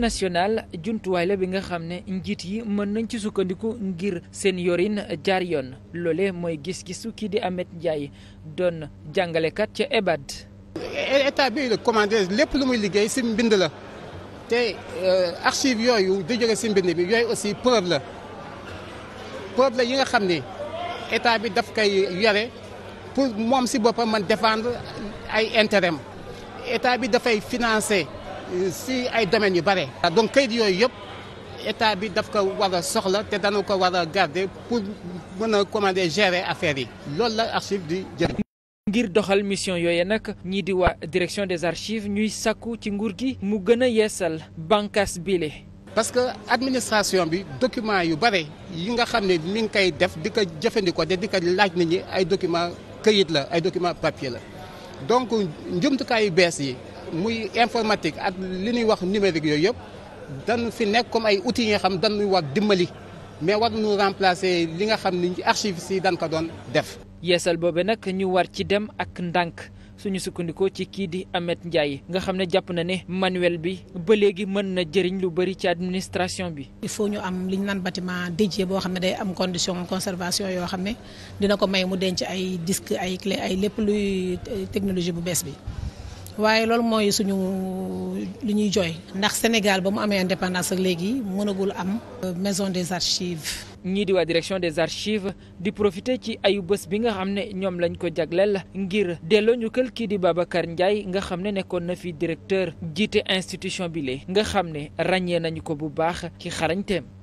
nationale jumtuwaay la bi nga xam ne njiit yi mën nañ ci sukkandiku ngir seen yorin jaar yoon loole mooy gis-gisu kii di Ahmed Ndiaye doon jàngalekat ca EBAD. état bi la commandé lépp lu muy liggéey si mbind la te euh, archive yooyu di jóge bi yooyu aussi preuve la preuve yi nga xam ni état bi daf koy yore pour moom si boppam man défendre ay intérêt état bi dafay financer. si ay domaines yu bare. donc kayit yooyu yëpp état bi daf ko war a soxla te dana ko war a garder pour mën a commander gérer affaire yi loolu la archive di jëriñ. ngir doxal mission yooyu nag ñii di waa direction des archives ñuy sakku ci nguur gi mu gën a yeesal bànqaas bile. parce que administration bi document yu bare yi nga xam ne mi ngi koy def di ko jëfandikoo te di ko laaj nit ñi ay document këyit la ay document papier la donc njumtukaay yu bees yi muy informatique ak li ñuy wax numérique yooyu yëpp dañu fi nekk comme ay outils yi nga dan dañuy war dimbali mais war nu remplacer li nga xam ni archives yi dan ko doon def. yeesal boobe nag ñu war ci dem ak ndànk suñu sukkandikoo ci kii di Ameth Ndiaye nga xam ne jàpp na ne manuel bi ba léegi mën na jëriñ lu bëri ci administration bi. il faut ñu am li ñu naan bâtiment dédié boo xam ne day am condition conservation yoo xam ne dina ko may mu denc ay disque ay clé ay lépp luy technologie bu bees bi. waaye loolu mooy suñu li ñuy jooy ndax Sénégal ba mu amee indépendance ak léegi mënagul am euh, maison des archives. ñii di waa direction des archives di profité ci ayu bés bi nga xam ne ñoom lañ ko jagleel ngir delloo ñu kël kii di Babacar Ndiaye nga xam ne nekkoon na fi directeur jiite institution bi le nga xam ne ràññee nañu ko bu baax ci xarañteem.